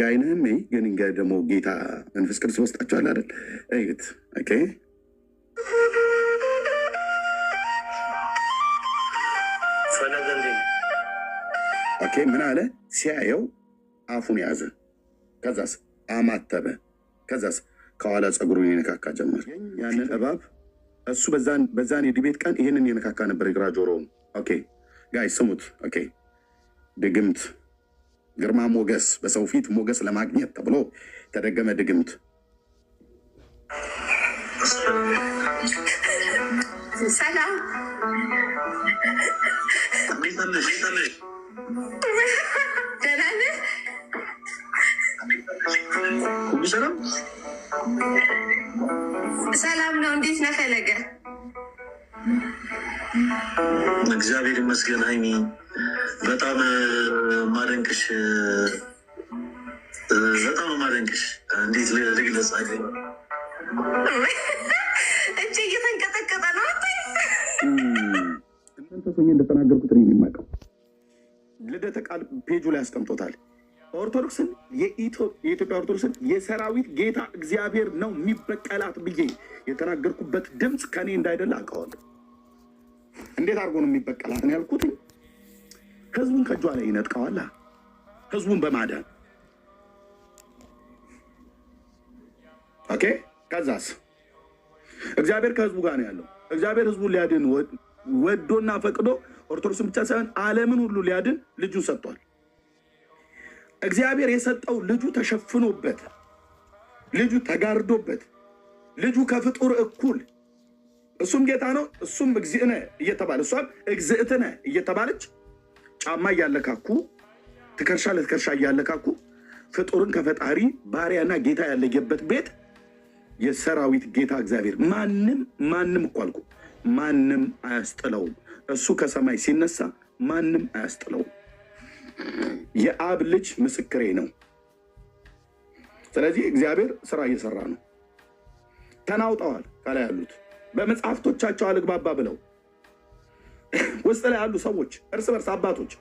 ጋይንም ግን ደግሞ ጌታ መንፈስ ቅዱስ ወስጣቸዋል አይደል? እዩት። ኦኬ ኦኬ። ምን አለ? ሲያየው አፉን ያዘ፣ ከዛስ አማተበ፣ ከዛስ ከኋላ ፀጉሩን የነካካ ጀመር። ያንን እባብ እሱ በዛን የድቤት ቀን ይህንን የነካካ ነበር፣ ግራ ጆሮውን። ኦኬ ጋይ ስሙት። ኦኬ ድግምት ግርማ ሞገስ፣ በሰው ፊት ሞገስ ለማግኘት ተብሎ ተደገመ ድግምት። ሰላም ሰላም ነው። እንዴት ነህ ፈለገ? እግዚአብሔር ይመስገን። በጣም ማደንቅሽ በጣም ማደንቅሽ እንዴት ልግለጽ እጅ እየተንቀጠቀጠ ነው። እናንተ ሰው እንደተናገርኩት ነው የማውቀው። ልደተ ቃል ፔጁ ላይ አስቀምጦታል። ኦርቶዶክስን የኢትዮጵያ ኦርቶዶክስን የሰራዊት ጌታ እግዚአብሔር ነው የሚበቀላት ብዬ የተናገርኩበት ድምፅ ከኔ እንዳይደለ አውቀዋለሁ። እንዴት አድርጎ ነው የሚበቀላት ነው ያልኩትኝ ህዝቡን ከእጇ ላይ ይነጥቀዋል። ህዝቡን በማዳን ኦኬ። ከዛስ እግዚአብሔር ከህዝቡ ጋር ነው ያለው። እግዚአብሔር ህዝቡን ሊያድን ወዶና ፈቅዶ ኦርቶዶክስን ብቻ ሳይሆን ዓለምን ሁሉ ሊያድን ልጁን ሰጥቷል። እግዚአብሔር የሰጠው ልጁ ተሸፍኖበት፣ ልጁ ተጋርዶበት፣ ልጁ ከፍጡር እኩል እሱም ጌታ ነው እሱም እግዚእነ እየተባለ እሷም እግዚእትነ እየተባለች ጫማ እያለካኩ ትከርሻ ለትከርሻ እያለካኩ ፍጡርን ከፈጣሪ ባሪያና ጌታ ያለየበት ቤት የሰራዊት ጌታ እግዚአብሔር ማንም ማንም እኮ አልኩ ማንም አያስጥለውም። እሱ ከሰማይ ሲነሳ ማንም አያስጥለውም። የአብ ልጅ ምስክሬ ነው። ስለዚህ እግዚአብሔር ስራ እየሰራ ነው። ተናውጠዋል ከላይ ያሉት በመጽሐፍቶቻቸው አልግባባ ብለው ውስጥ ላይ ያሉ ሰዎች እርስ በርስ አባቶች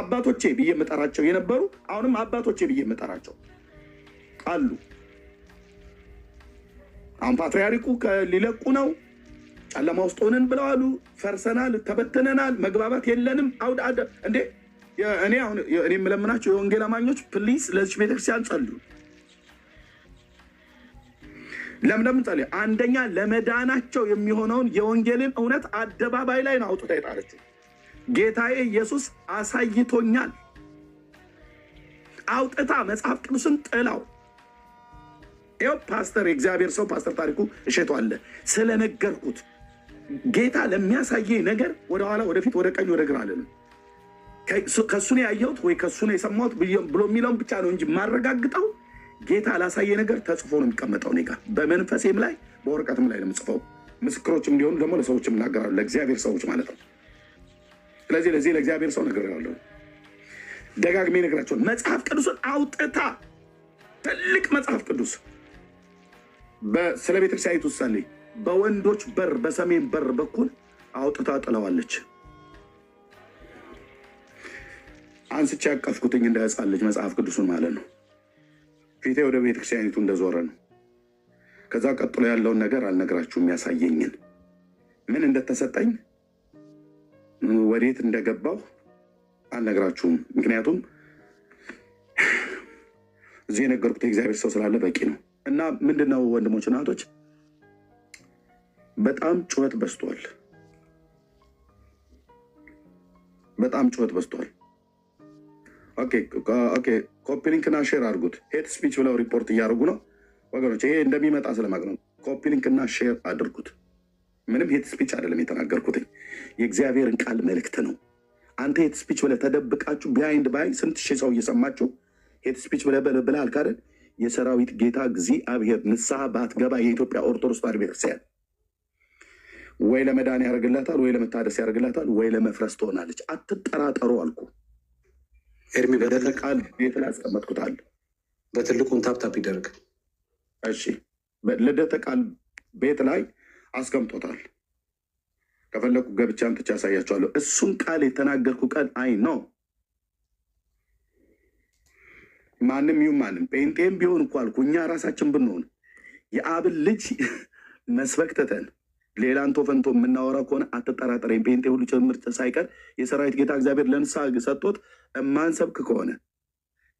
አባቶቼ ብዬ የምጠራቸው የነበሩ አሁንም አባቶቼ ብዬ የምጠራቸው አሉ። አሁን ፓትርያርኩ ሊለቁ ነው፣ ጨለማ ውስጥ ሆነን ብለዋሉ። ፈርሰናል፣ ተበትነናል፣ መግባባት የለንም። አውድ አደ እንዴ እኔ አሁን እኔ የምለምናቸው የወንጌል አማኞች ፕሊስ ለዚች ቤተክርስቲያን ጸልዩ። ለምለም ጸል አንደኛ ለመዳናቸው የሚሆነውን የወንጌልን እውነት አደባባይ ላይ ነው አውጥታ የጣለችው። ጌታዬ ኢየሱስ አሳይቶኛል አውጥታ መጽሐፍ ቅዱስን ጥላው ይኸው ፓስተር የእግዚአብሔር ሰው ፓስተር ታሪኩ እሸቱ አለ ስለነገርኩት ጌታ ለሚያሳየኝ ነገር ወደኋላ ወደፊት ወደ ቀኝ ወደ ግራ አለን ከእሱ ነው ያየሁት ወይ ከእሱ ነው የሰማሁት ብሎ የሚለውን ብቻ ነው እንጂ ማረጋግጠው ጌታ ላሳየ ነገር ተጽፎ ነው የሚቀመጠው። እኔ ጋር በመንፈሴም ላይ በወረቀትም ላይ ነው የምጽፈው። ምስክሮችም እንዲሆኑ ደግሞ ለሰዎች እናገራለሁ፣ ለእግዚአብሔር ሰዎች ማለት ነው። ስለዚህ ለዚህ ለእግዚአብሔር ሰው ነገር ደጋግሜ ነገራቸውን መጽሐፍ ቅዱስን አውጥታ ትልቅ መጽሐፍ ቅዱስ ስለ ቤተክርስቲያኒቱ ውሳሌ በወንዶች በር በሰሜን በር በኩል አውጥታ ጥለዋለች። አንስቼ ያቀፍኩትኝ እንደ ሕፃን ልጅ መጽሐፍ ቅዱሱን ማለት ነው። ፊቴ ወደ ቤተክርስቲያኒቱ እንደዞረ ነው። ከዛ ቀጥሎ ያለውን ነገር አልነግራችሁም። ያሳየኝን ምን እንደተሰጠኝ ወዴት እንደገባው አልነግራችሁም። ምክንያቱም እዚህ የነገርኩት የእግዚአብሔር ሰው ስላለ በቂ ነው። እና ምንድነው ወንድሞች እህቶች በጣም ጩኸት በስቷል። በጣም ጩኸት በስቷል። ኮፒ ሊንክና ሼር አድርጉት። ሄት ስፒች ብለው ሪፖርት እያደረጉ ነው ወገኖች፣ ይሄ እንደሚመጣ ስለማቅ ነው። ኮፒ ሼር አድርጉት። ምንም ሄት ስፒች አይደለም የተናገርኩት የእግዚአብሔርን ቃል መልእክት ነው። አንተ ሄት ስፒች ብለህ ተደብቃችሁ ቢሃይንድ ባይ ስንት ሺህ ሰው እየሰማችሁ ሄት ስፒች ብለህ ብለህ አልካደል የሰራዊት ጌታ እግዚአብሔር ንስሐ ባትገባ የኢትዮጵያ ኦርቶዶክስ ተዋሕዶ ቤተክርስቲያን ወይ ለመዳን ያደርግላታል፣ ወይ ለመታደስ ያደርግላታል፣ ወይ ለመፍረስ ትሆናለች። አትጠራጠሩ አልኩ። ኤርሚ በደረቅ አለ ቤት ላይ ያስቀመጥኩት በትልቁን ታፕታፕ ይደርግ። እሺ ልደተ ቃል ቤት ላይ አስቀምጦታል። ከፈለኩ ገብቻ አንጥቼ ያሳያቸዋለሁ። እሱን ቃል የተናገርኩ ቀን አይ ነው ማንም ይሁን ማንም ጴንጤም ቢሆን እኮ አልኩ እኛ ራሳችን ብንሆን የአብን ልጅ መስበክ ትተን ሌላ አንቶ ፈንቶ የምናወራ ከሆነ አትጠራጠረኝ። ጴንጤ ሁሉ ጭምር ሳይቀር የሰራዊት ጌታ እግዚአብሔር ለንሳ ሰጥቶት እማንሰብክ ከሆነ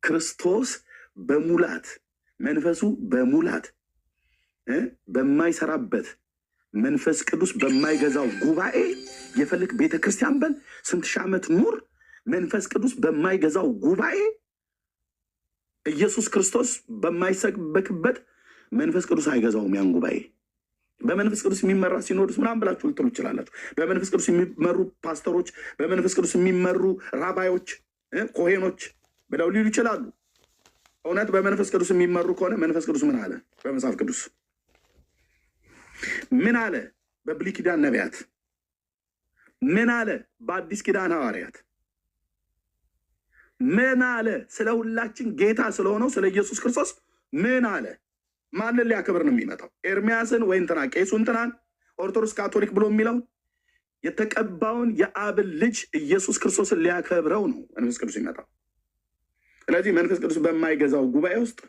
ክርስቶስ በሙላት መንፈሱ በሙላት በማይሰራበት መንፈስ ቅዱስ በማይገዛው ጉባኤ የፈልግ ቤተ ክርስቲያን በል ስንት ሺህ ዓመት ኑር። መንፈስ ቅዱስ በማይገዛው ጉባኤ ኢየሱስ ክርስቶስ በማይሰበክበት መንፈስ ቅዱስ አይገዛውም ያን ጉባኤ። በመንፈስ ቅዱስ የሚመራ ሲኖዶስ ምናምን ብላችሁ ልትሉ ይችላላችሁ። በመንፈስ ቅዱስ የሚመሩ ፓስተሮች፣ በመንፈስ ቅዱስ የሚመሩ ራባዮች ኮሄኖች ብለው ሊሉ ይችላሉ። እውነት በመንፈስ ቅዱስ የሚመሩ ከሆነ መንፈስ ቅዱስ ምን አለ? በመጽሐፍ ቅዱስ ምን አለ? በብሉይ ኪዳን ነቢያት ምን አለ? በአዲስ ኪዳን ሐዋርያት ምን አለ? ስለ ሁላችን ጌታ ስለሆነው ስለ ኢየሱስ ክርስቶስ ምን አለ? ማንን ሊያከብር ነው የሚመጣው? ኤርሚያስን ወይ እንትና ቄሱ እንትናን ኦርቶዶክስ ካቶሊክ ብሎ የሚለውን የተቀባውን የአብን ልጅ ኢየሱስ ክርስቶስን ሊያከብረው ነው መንፈስ ቅዱስ ይመጣ። ስለዚህ መንፈስ ቅዱስ በማይገዛው ጉባኤ ውስጥ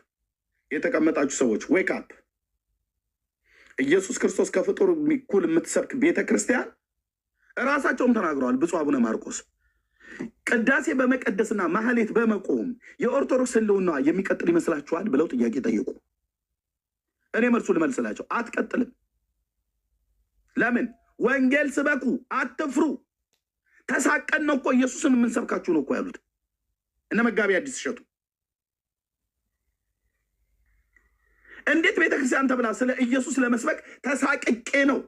የተቀመጣችሁ ሰዎች ዌክ አፕ። ኢየሱስ ክርስቶስ ከፍጡር እኩል የምትሰብክ ቤተ ክርስቲያን እራሳቸውም ተናግረዋል። ብፁ አቡነ ማርቆስ ቅዳሴ በመቀደስና ማህሌት በመቆም የኦርቶዶክስ ህልውና የሚቀጥል ይመስላችኋል ብለው ጥያቄ ጠየቁ። እኔ መልሱ ልመልስላቸው፣ አትቀጥልም። ለምን ወንጌል ስበኩ፣ አትፍሩ። ተሳቀን ነው እኮ ኢየሱስን የምንሰብካችሁ ነው እኮ ያሉት እነ መጋቢ አዲስ እሸቱ። እንዴት ቤተክርስቲያን ተብላ ስለ ኢየሱስ ለመስበክ ተሳቅቄ ነው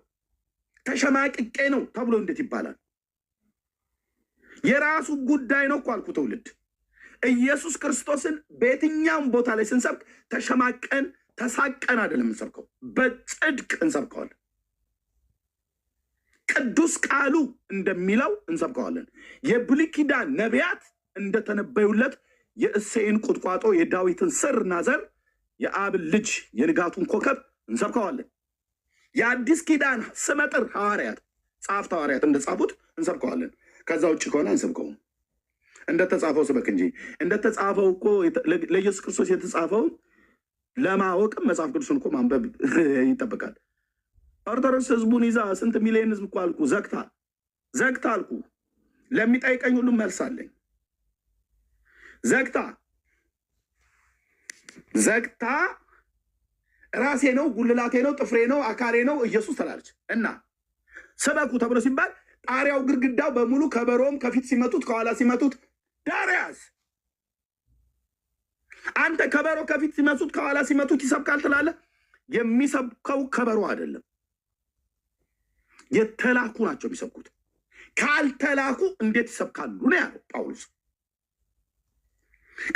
ተሸማቅቄ ነው ተብሎ እንዴት ይባላል? የራሱ ጉዳይ ነው እኮ አልኩ። ትውልድ ኢየሱስ ክርስቶስን በየትኛውም ቦታ ላይ ስንሰብክ ተሸማቀን ተሳቀን አይደለም የምንሰብከው፣ በጽድቅ እንሰብከዋለን። ቅዱስ ቃሉ እንደሚለው እንሰብከዋለን። የብሉይ ኪዳን ነቢያት እንደተነበዩለት የእሴይን ቁጥቋጦ የዳዊትን ስር ዘር የአብን ልጅ የንጋቱን ኮከብ እንሰብከዋለን። የአዲስ ኪዳን ስመጥር ሐዋርያት ጻፍት ሐዋርያት እንደጻፉት እንሰብከዋለን። ከዛ ውጭ ከሆነ አንሰብከውም። እንደተጻፈው ስበክ እንጂ እንደተጻፈው እኮ ለኢየሱስ ክርስቶስ የተጻፈውን ለማወቅም መጽሐፍ ቅዱስን እኮ ማንበብ ይጠበቃል። ኦርቶዶክስ ህዝቡን ይዛ ስንት ሚሊዮን ህዝብ እኮ አልኩ፣ ዘግታ ዘግታ አልኩ። ለሚጠይቀኝ ሁሉም መልሳለኝ። ዘግታ ዘግታ ራሴ ነው ጉልላቴ ነው ጥፍሬ ነው አካሌ ነው ኢየሱስ ትላለች እና ስበኩ ተብሎ ሲባል ጣሪያው ግድግዳው በሙሉ ከበሮም ከፊት ሲመቱት ከኋላ ሲመቱት ዳርያዝ አንተ ከበሮ ከፊት ሲመቱት ከኋላ ሲመቱት ይሰብካል ትላለህ። የሚሰብከው ከበሮ አይደለም። የተላኩ ናቸው የሚሰብኩት። ካልተላኩ እንዴት ይሰብካሉ ነው ያለው ጳውሎስ።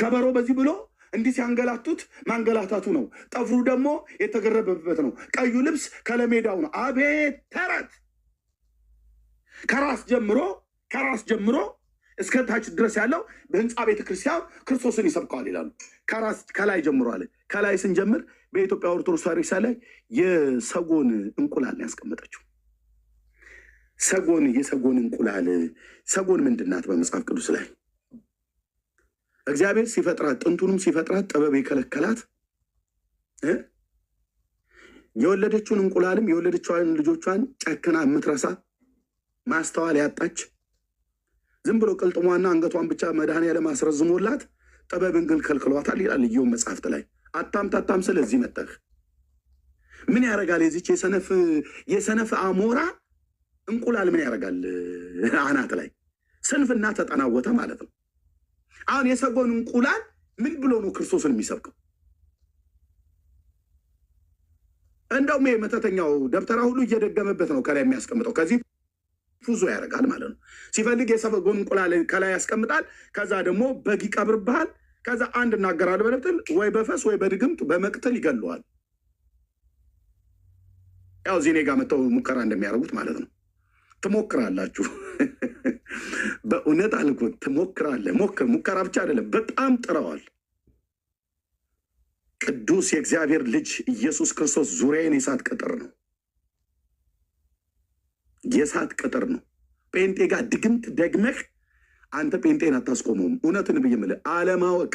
ከበሮ በዚህ ብሎ እንዲህ ሲያንገላቱት ማንገላታቱ ነው። ጠፍሩ ደግሞ የተገረበበት ነው። ቀዩ ልብስ ከለሜዳው ነው። አቤት ተረት! ከራስ ጀምሮ ከራስ ጀምሮ እስከ ታች ድረስ ያለው በህንፃ ቤተ ክርስቲያን ክርስቶስን ይሰብከዋል ይላሉ። ከራስ ከላይ ጀምሮ አለ። ከላይ ስንጀምር በኢትዮጵያ ኦርቶዶክስ ተዋሕዶ ላይ የሰጎን እንቁላል ያስቀመጠችው ሰጎን የሰጎን እንቁላል ሰጎን ምንድን ናት? በመጽሐፍ ቅዱስ ላይ እግዚአብሔር ሲፈጥራት ጥንቱንም ሲፈጥራት ጥበብ የከለከላት የወለደችውን እንቁላልም የወለደችዋን ልጆቿን ጨክና የምትረሳ ማስተዋል ያጣች ዝም ብሎ ቅልጥሟና አንገቷን ብቻ መድኃኔዓለም አስረዝሞላት ጥበብን ግን ከልክሏታል ይላል ኢዮብ መጽሐፍት ላይ አታም ታታም ስለዚህ መጠህ ምን ያደርጋል የዚች የሰነፍ አሞራ እንቁላል ምን ያደርጋል አናት ላይ ስንፍና ተጠናወተ ማለት ነው። አሁን የሰጎን እንቁላል ምን ብሎ ነው ክርስቶስን የሚሰብከው? እንደውም የመተተኛው ደብተራ ሁሉ እየደገመበት ነው ከላይ የሚያስቀምጠው። ከዚህ ፉዞ ያደርጋል ማለት ነው። ሲፈልግ የሰጎን እንቁላል ከላይ ያስቀምጣል። ከዛ ደግሞ በግ ይቀብርብሃል። ከዛ አንድ እናገራል በለብጥል ወይ በፈስ ወይ በድግምት በመቅተል ይገለዋል። ያው እዚህ እኔ መጥተው ሙከራ እንደሚያደርጉት ማለት ነው። ትሞክራላችሁ። በእውነት አልኩት ትሞክራለህ። ሞክር ሙከራ ብቻ አይደለም፣ በጣም ጥረዋል። ቅዱስ የእግዚአብሔር ልጅ ኢየሱስ ክርስቶስ ዙሪያዬን የእሳት ቅጥር ነው፣ የእሳት ቅጥር ነው። ጴንጤ ጋር ድግምት ደግመህ አንተ ጴንጤን አታስቆመውም። እውነትን ብዬ የምልህ አለማወቅ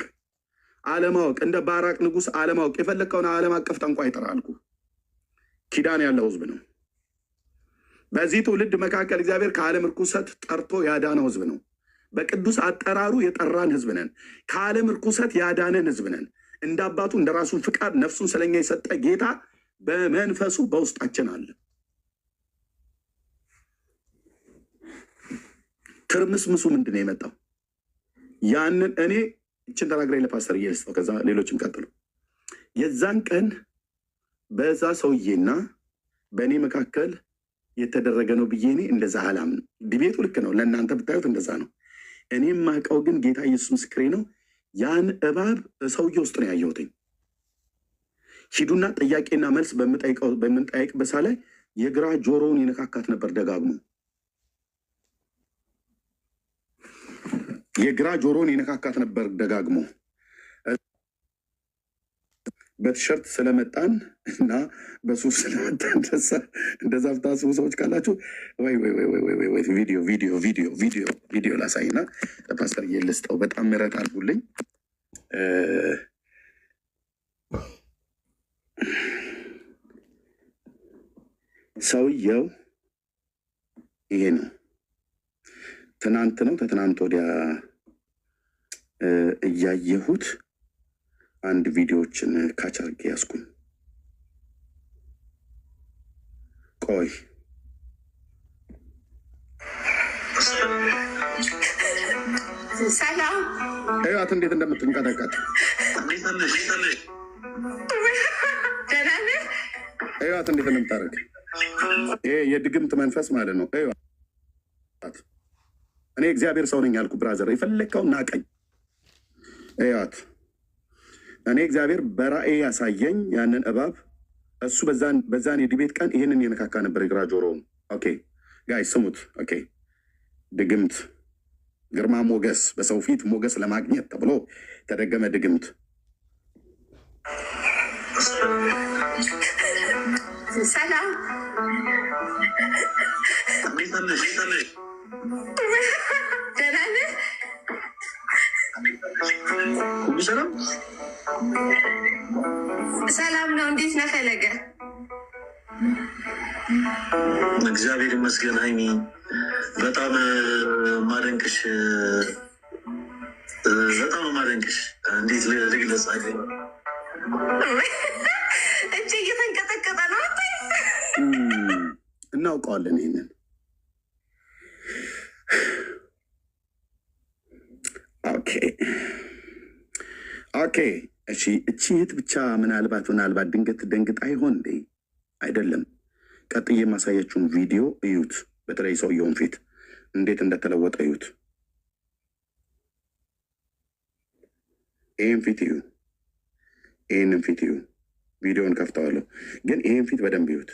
አለማወቅ እንደ ባራቅ ንጉሥ አለማወቅ የፈለግከውን ዓለም አቀፍ ጠንቋይ ጥራ አልኩ። ኪዳን ያለው ህዝብ ነው። በዚህ ትውልድ መካከል እግዚአብሔር ከዓለም ርኩሰት ጠርቶ ያዳነው ህዝብ ነው። በቅዱስ አጠራሩ የጠራን ህዝብ ነን። ከዓለም ርኩሰት ያዳነን ህዝብ ነን። እንደ አባቱ እንደ ራሱን ፍቃድ ነፍሱን ስለኛ የሰጠ ጌታ በመንፈሱ በውስጣችን አለ። ምሱ ምንድን ነው የመጣው? ያንን እኔ እችን ተናግራኝ ለፓስተር እየስጠው ከዛ ሌሎችም ቀጥሉ። የዛን ቀን በዛ ሰውዬና በእኔ መካከል የተደረገ ነው ብዬ እኔ እንደዛ አላምንም። ዲቤቱ ልክ ነው፣ ለእናንተ ብታዩት እንደዛ ነው። እኔ ማውቀው ግን ጌታ ኢየሱስ ምስክሬ ነው፣ ያን እባብ ሰውዬ ውስጥ ነው ያየሁትኝ። ሂዱና ጥያቄና መልስ በምንጠይቅበት በሳ ላይ የግራ ጆሮውን ይነካካት ነበር ደጋግሞ የግራ ጆሮውን የነካካት ነበር ደጋግሞ በቲሸርት ስለመጣን እና በሱፍ ስለመጣን እንደዛ ብታስቡ ሰዎች ካላችሁ ወይ ወይ ወይ ወይ ወይ ወይ ቪዲዮ ቪዲዮ ቪዲዮ ቪዲዮ ቪዲዮ ላሳይና ለፓስተር እየልስጠው በጣም ምረት አድርጉልኝ። ሰውየው ይሄ ነው። ትናንት ነው ተትናንት ወዲያ እያየሁት አንድ ቪዲዮዎችን ካች አድርጌ ያዝኩኝ። ቆይ ሰላም እንዴት እንደምትንቀጠቀጥ እዋት እንዴት እንደምታደርግ ይሄ የድግምት መንፈስ ማለት ነው። እኔ እግዚአብሔር ሰው ነኝ ያልኩ ብራዘር የፈለግከው ናቀኝ እዋት እኔ እግዚአብሔር በራእይ ያሳየኝ ያንን እባብ እሱ በዛን የዲቤት ቀን ይህንን የነካካ ነበር የግራ ጆሮውን። ኦኬ ጋይ ስሙት። ኦኬ ድግምት ግርማ ሞገስ፣ በሰው ፊት ሞገስ ለማግኘት ተብሎ ተደገመ ድግምት። ሰላም ሰላም ነው። እንዴት ነህ ፈለገ? እግዚአብሔር ይመስገን። ሀይሚ በጣም ማደንቅሽ በጣም ማደንቅሽ እንዴት ልግለጽ? እጅ እየተንቀጠቀጠ ነው። እናውቀዋለን ይህንን ኦኬ ኦኬ እሺ እቺ የት ብቻ ምናልባት ምናልባት ድንገት ደንግጥ አይሆን እንዴ? አይደለም። ቀጥዬ የማሳያችሁን ቪዲዮ እዩት። በተለይ ሰውየውን ፊት እንዴት እንደተለወጠ እዩት። ይህን ፊት እዩ። ይህንን ፊት እዩ። ቪዲዮን ከፍተዋለሁ፣ ግን ይህን ፊት በደንብ እዩት።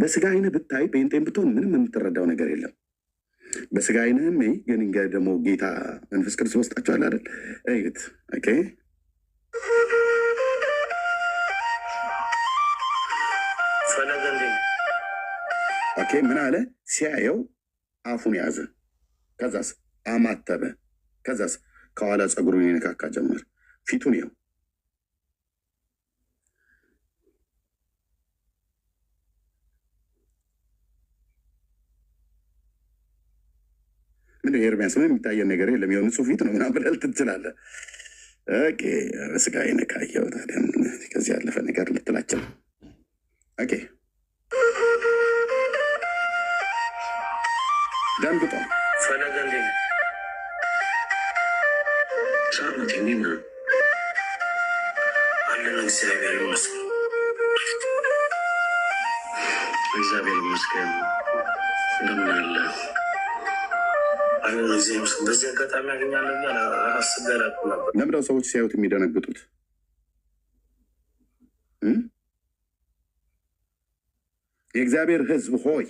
በስጋ አይነ ብታይ፣ ጴንጤን ብትሆን ምንም የምትረዳው ነገር የለም። በስጋ አይንህም ግን እንገ ደግሞ ጌታ መንፈስ ቅዱስ ወስጣችኋል አይደል? እዩት። ኦኬ ኦኬ። ምን አለ? ሲያየው አፉን ያዘ፣ ከዛስ አማተበ፣ ከዛስ ከኋላ ፀጉሩን የነካካ ጀመር። ፊቱን ያው እግዚአብሔር ቢያስብ የሚታየን ነገር የለም። የሆነ ነው ምናምን ብለህ ልትል ትችላለህ። ስጋዬን ታዲያ ከዚህ ያለፈ ነገር ልትላችል። ኦኬ ደንብጧል። እግዚአብሔር ይመስገን እንደምን በዚህ አጋጣሚ ነበር። ለምደው ሰዎች ሲያዩት የሚደነግጡት የእግዚአብሔር ሕዝብ ሆይ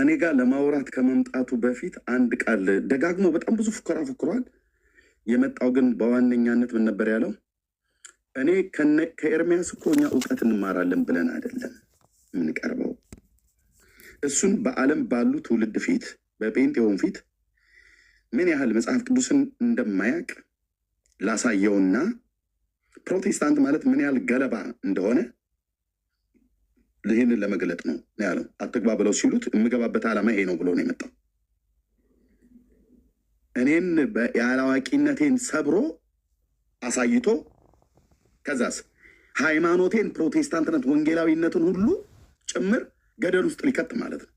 እኔ ጋር ለማውራት ከመምጣቱ በፊት አንድ ቃል ደጋግሞ በጣም ብዙ ፉከራ ፉክሯል። የመጣው ግን በዋነኛነት ምን ነበር ያለው? እኔ ከኤርሚያስ እኮ እኛ እውቀት እንማራለን ብለን አይደለም የምንቀርበው። እሱን በዓለም ባሉ ትውልድ ፊት በጴንጤውን ፊት ምን ያህል መጽሐፍ ቅዱስን እንደማያውቅ ላሳየውና ፕሮቴስታንት ማለት ምን ያህል ገለባ እንደሆነ ይህንን ለመግለጥ ነው ያለው። አትግባ ብለው ሲሉት የምገባበት ዓላማ ይሄ ነው ብሎ ነው የመጣው። እኔን የአላዋቂነቴን ሰብሮ አሳይቶ ከዛስ ሃይማኖቴን፣ ፕሮቴስታንትነት፣ ወንጌላዊነትን ሁሉ ጭምር ገደል ውስጥ ሊከት ማለት ነው።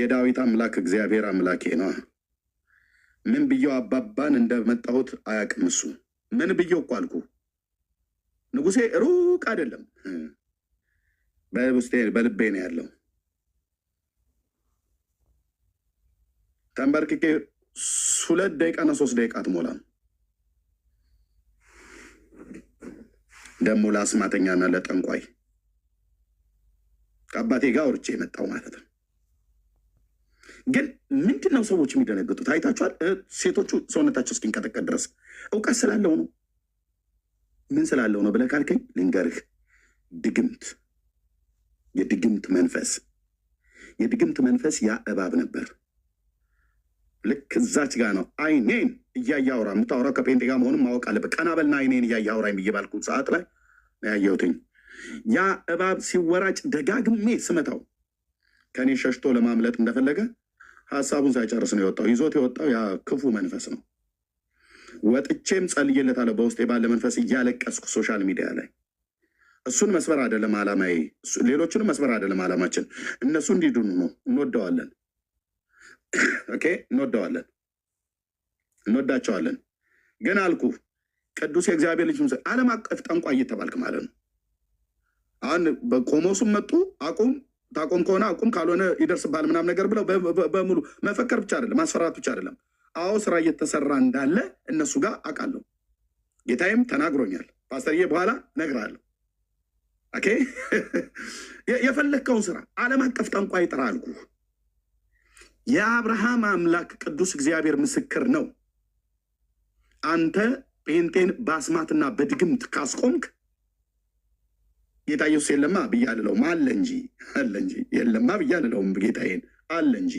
የዳዊት አምላክ እግዚአብሔር አምላኬ ነው። ምን ብየው አባባን እንደመጣሁት አያውቅም እሱ። ምን ብየው እኮ አልኩ ንጉሴ፣ ሩቅ አይደለም በውስጤ በልቤ ነው ያለው። ተንበርክኬ ሁለት ደቂቃና ሶስት ደቂቃ አትሞላም። ደግሞ ለአስማተኛና ለጠንቋይ ከአባቴ ጋር ወርቼ የመጣው ማለት ነው። ግን ምንድን ነው ሰዎች የሚደነግጡት? አይታችኋል። ሴቶቹ ሰውነታቸው እስኪንቀጠቀጥ ድረስ እውቀት ስላለው ነው። ምን ስላለው ነው ብለህ ካልከኝ ልንገርህ፣ ድግምት፣ የድግምት መንፈስ የድግምት መንፈስ ያ እባብ ነበር። ልክ እዛች ጋር ነው አይኔን እያያውራ የምታወራው ከጴንጤ ጋር መሆኑን ማወቅ አለበት። ቀናበልና አይኔን እያያውራ አውራ የሚባልኩት ሰዓት ላይ ያየሁትኝ ያ እባብ ሲወራጭ ደጋግሜ ስመታው ከእኔ ሸሽቶ ለማምለጥ እንደፈለገ ሀሳቡን ሳይጨርስ ነው የወጣው። ይዞት የወጣው ያ ክፉ መንፈስ ነው። ወጥቼም ጸልዬለታለሁ በውስጤ ባለ መንፈስ እያለቀስኩ ሶሻል ሚዲያ ላይ እሱን መስበር አይደለም አላማዬ። ሌሎችንም መስበር አይደለም አላማችን። እነሱ እንዲድኑ ነው። እንወደዋለን ኦኬ፣ እንወደዋለን፣ እንወዳቸዋለን። ግን አልኩ ቅዱስ የእግዚአብሔር ልጅ ዓለም አቀፍ ጠንቋ እየተባልክ ማለት ነው። አሁን በቆሞሱም መጡ አቁም ታቆም ከሆነ አቁም ካልሆነ ይደርስብሃል ምናምን ነገር ብለው በሙሉ መፈከር ብቻ አይደለም ማስፈራት ብቻ አይደለም። አዎ ስራ እየተሰራ እንዳለ እነሱ ጋር አውቃለሁ። ጌታዬም ተናግሮኛል። ፓስተርዬ በኋላ እነግርሃለሁ። ኦኬ የፈለግከውን ስራ ዓለም አቀፍ ጠንቋ ይጥራ አልኩ። የአብርሃም አምላክ ቅዱስ እግዚአብሔር ምስክር ነው። አንተ ጴንጤን በአስማትና በድግምት ካስቆምክ ጌታ ኢየሱስ የለማ ብዬ አልለውም አለ እንጂ አለ እንጂ የለማ ብዬ አልለውም ጌታዬን አለ እንጂ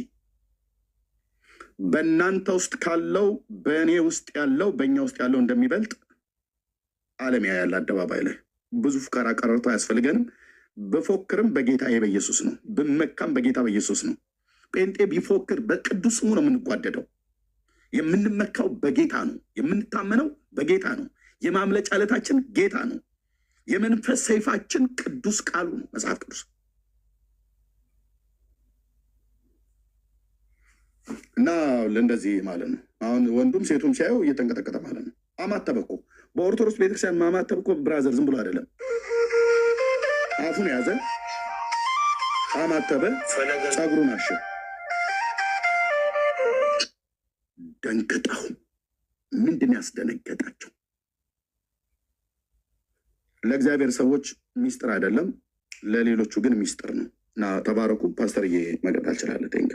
በእናንተ ውስጥ ካለው በእኔ ውስጥ ያለው በእኛ ውስጥ ያለው እንደሚበልጥ ዓለም ያያል። አደባባይ ላይ ብዙ ፉከራ ቀረርቶ አያስፈልገንም። ብፎክርም በጌታዬ በኢየሱስ ነው፣ ብመካም በጌታ በኢየሱስ ነው። ጴንጤ ቢፎክር በቅዱስ ስሙ ነው የምንጓደደው። የምንመካው በጌታ ነው። የምንታመነው በጌታ ነው። የማምለጫ ዕለታችን ጌታ ነው። የመንፈስ ሰይፋችን ቅዱስ ቃሉ ነው፣ መጽሐፍ ቅዱስ እና ለእንደዚህ ማለት ነው። አሁን ወንዱም ሴቱም ሲያየው እየተንቀጠቀጠ ማለት ነው። አማተበ እኮ በኦርቶዶክስ ቤተክርስቲያን ማማተብ እኮ ብራዘር ዝም ብሎ አይደለም። አፉን ያዘ፣ አማተበ፣ ጸጉሩን አሸ ደንግጠው ምንድን ያስደነገጣቸው? ለእግዚአብሔር ሰዎች ሚስጥር አይደለም፣ ለሌሎቹ ግን ሚስጥር ነው እና ተባረኩ። ፓስተርዬ መቀጠል ችላለ።